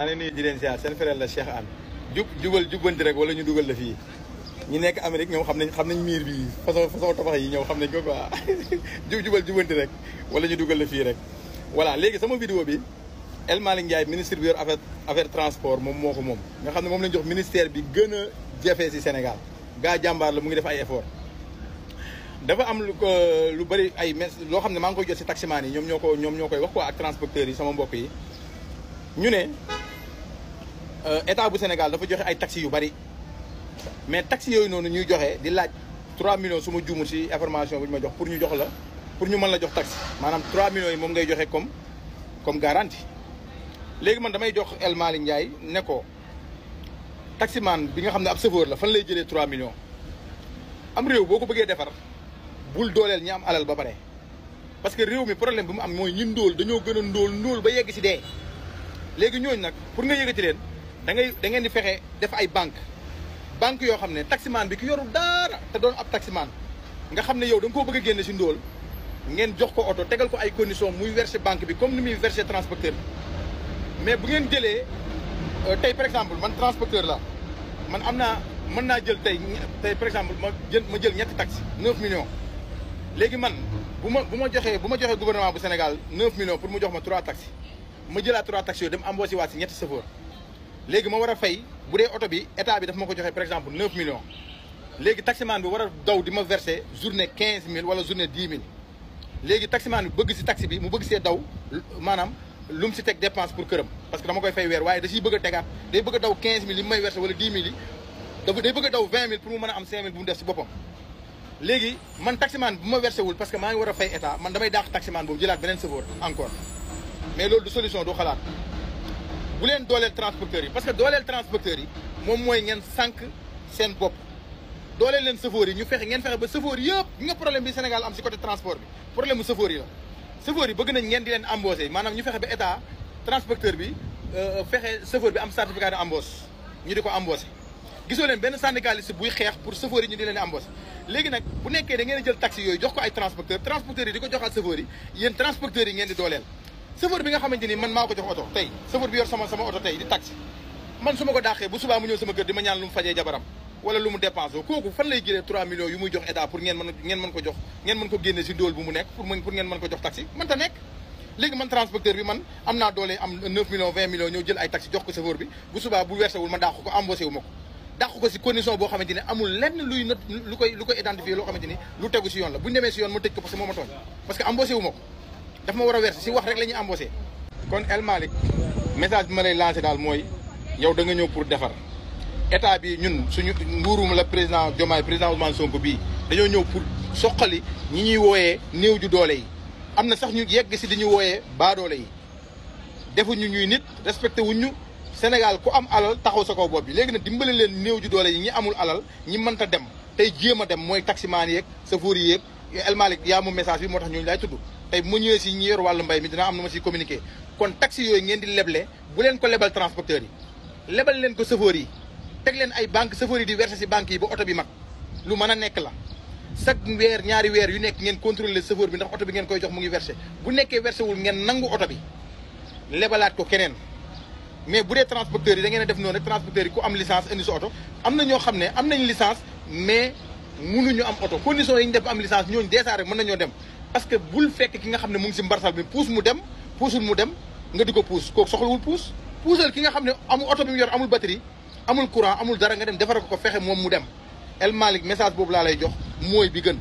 maa ngi nuyu di leen ziar seen frère la Cheikh Anne jub jubal jubbanti rek wala ñu dugal la fii ñu nekk am rek ñoom xam nañ xam nañ miir bi façon façon tabax yi ñoom xam nañ ko quoi jub jubal jubbanti rek wala ñu dugal la fii rek. voilà léegi sama vidéo bi El Malick Ndiaye ministre bi yor affaire affaire moom moo ko moom nga xam ne moom lañ jox ministère bi gën a jafe si Sénégal gaa jàmbaar la mu ngi def ay effort dafa am lu ko lu bëri ay loo xam ne maa ngi koy jot si taximaan yi ñoom ñoo ko ñoom ñoo koy wax ko ak transporteurs yi sama mbokk yi ñu ne. Euh, état bu Sénégal dafa joxe ay taxi yu bari mais taxi yooyu noonu ñuy joxe di laaj 3 millions su ma juumul si information bu ñu ma jox pour ñu jox la pour ñu mën la jox taxi maanaam 3 millions yi moom ngay joxe comme comme garantie léegi man damay jox El Malick Ndiaye ne ko taximan bi nga xam ne ab chauffeur la fan lay jëlee trois millions am réew boo ko bëggee defar bul dooleel ñi am alal ba pare parce que réew mi problème bi mu am mooy ñi ndóol dañoo gën a ndóol ndóol ba yegg si dee léegi ñooñu nag pour nga yëgati leen. da ngay da di fexe def ay banque banque yoo xam ne taximaan bi ki yorul dara te doon ab taximaan nga xam ne yow da koo bëgg a génne si ndóol ngeen jox ko oto tegal ko ay condition muy verser banque bi comme ni muy verser transporteur mais bu ngeen jëlee euh, tey par exemple man transporteur la man am naa mën naa jël tey tey par exemple ma jël ma jël ñetti taxi 9 millions léegi man bu ma bu ma joxee bu ma joxee gouvernement bu Sénégal 9 millions pour mu jox ma 3 taxi ma jëlaat 3 taxi yooyu dem embauché si ñetti chauffeur léegi ma war a fay bu dee oto bi état bi daf ma ko joxe par exemple 9 millions léegi taximaan bi war a daw di ma verser journée 15000 wala journée 10000 léegi taximaan bi bëgg si taxi bi mu bëgg see daw maanaam lu mu si teg dépense pour këram parce que dama koy fay weer waaye da siy bëgg a tegaat day bëgg a daw 15000 yi mu may verser wala 10000 yi dafa day bëgg a daw 20000 pour mu mën a am 5000 bu mu def si boppam. léegi man taximaan bu ma versé parce que maa ngi war a fay état man damay daax taximaan boobu jëlaat beneen sëfoor encore loolu du solution bu leen dooleel transporteurs yi parce que dooleel transporteurs yi moom mooy ngeen sànq seen bopp dooleel leen sëfoor yi ñu fexe ngeen fexe ba sëfoor yëpp nga problème bi Sénégal am si côté transport bi problème mu sëfoor yi la ngeen di leen embauché maanaam ñu fexe ba état transporteur bi euh, fexe sëfoor bi am certificat de embauche ñu di ko embauché gisoo leen benn syndicaliste buy xeex pour sëfoor yi ñu di leen embauché léegi nag bu nekkee da ngeen a jël taxi yooyu jox ko ay transporteur transporteurs yi di ko joxaat sëfoor yi yéen transporteurs yi di dooleel chauffeur bi nga xamante ni man maa ko jox oto tey chauffeur bi yor sama oto tey di taxi man su ma ko dàqee bu subaa mu ñëw sama kër di ma ñaan lu mu fajee jabaram wala lu mu dépensé kooku fan lay jëlee 3 millions yu muy jox état pour ngeen mën ko jox ngeen mën ko génne si dóol bu mu nekk pour ngeen mën ko jox taxi man ta nekk léegi man transporteur bi man am naa doole am 9 millions 20 millions ñëw jël ay taxi jox ko chauffeur bi bu daf ma war a verser si wax rek la am embauché. kon El Malick message bi ma lay lancé daal mooy yow da nga ñëw pour defar état bi ñun suñu nguurum la président Diomaye président Ousmane Sonko bii dañoo ñëw pour soqali ñi ñuy wooyee néew ju doole yi am na sax ñu yegg si li ñuy wooyee doole yi defuñu ñuy nit respecté wuñ ñu Sénégal ku am alal taxaw sa kaw bopp bi léegi nag dimbale leen néew ju doole yi ñi amul alal ñi mënta dem tey jéem a dem mooy taximaan yeeg sa yi yeeg El Malick yaa mu message moo tax ñooñu laay tey mu ñëwee si ñi yor wàllu mbay mi dina am na ma siy communiqué kon taxi yooyu di leble bu leen ko lebal transporteurs yi leen ko chauffeurs yi teg leen ay banque chauffeurs yi si banques yi oto bi mag lu mën a nekk la chaque weer ñaari weer yu nekk ngeen contrôler chauffeur bi ndax oto bi ngeen koy jox mu ngi versé bu nekkee versé wul ngeen nangu oto bi lebalaat ko keneen mais bu dee transporteurs yi da ngeen a def noonu rek am licence indi am na ñoo xam ne am nañ licence mais mu mënuñu am oto condition yi ñu def am licence ñooñu dèjà rek mën nañoo dem parce que bul fekk ki nga xam ne mu ngi si mbarsal bi puus mu dem puusul mu dem nga di ko puus kooku soxlawul puus puusal ki nga xam ne amul oto bi mu yor amul batterie amul courant amul dara nga dem defara ko ko fexe moom mu dem El Malick message boobu laa lay jox mooy bi gën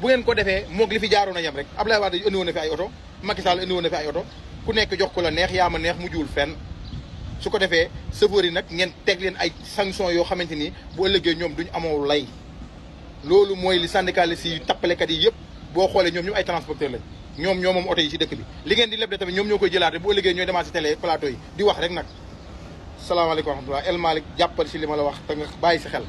bu ngeen ko defee moog li fi jaaroon a yem rek Abdoulaye Wade indi woon na fi ay oto Macky Sall indi woon na fi ay oto ku nekk jox ko la neex yaa ma neex mu juul fen su ko defee chauffeur yi nag ngeen teg leen ay sanction yoo xamante ni bu ëllëgee ñoom duñ amoo lay loolu mooy li syndicalistes yi tappalekat yi yëpp boo xoolee ñoom ñoom ay transporteur lañ ñoom ñoo moom oto yi ci dëkk bi li ngeen di leb de tamit ñoom ñoo koy jëlaate bu ëllëgee ñooy demaat ci télé plateau yi di wax rek nag salaamaaleykum wa rahmatulah El Malick jàppal ci li ma la wax te nga bàyyi si xel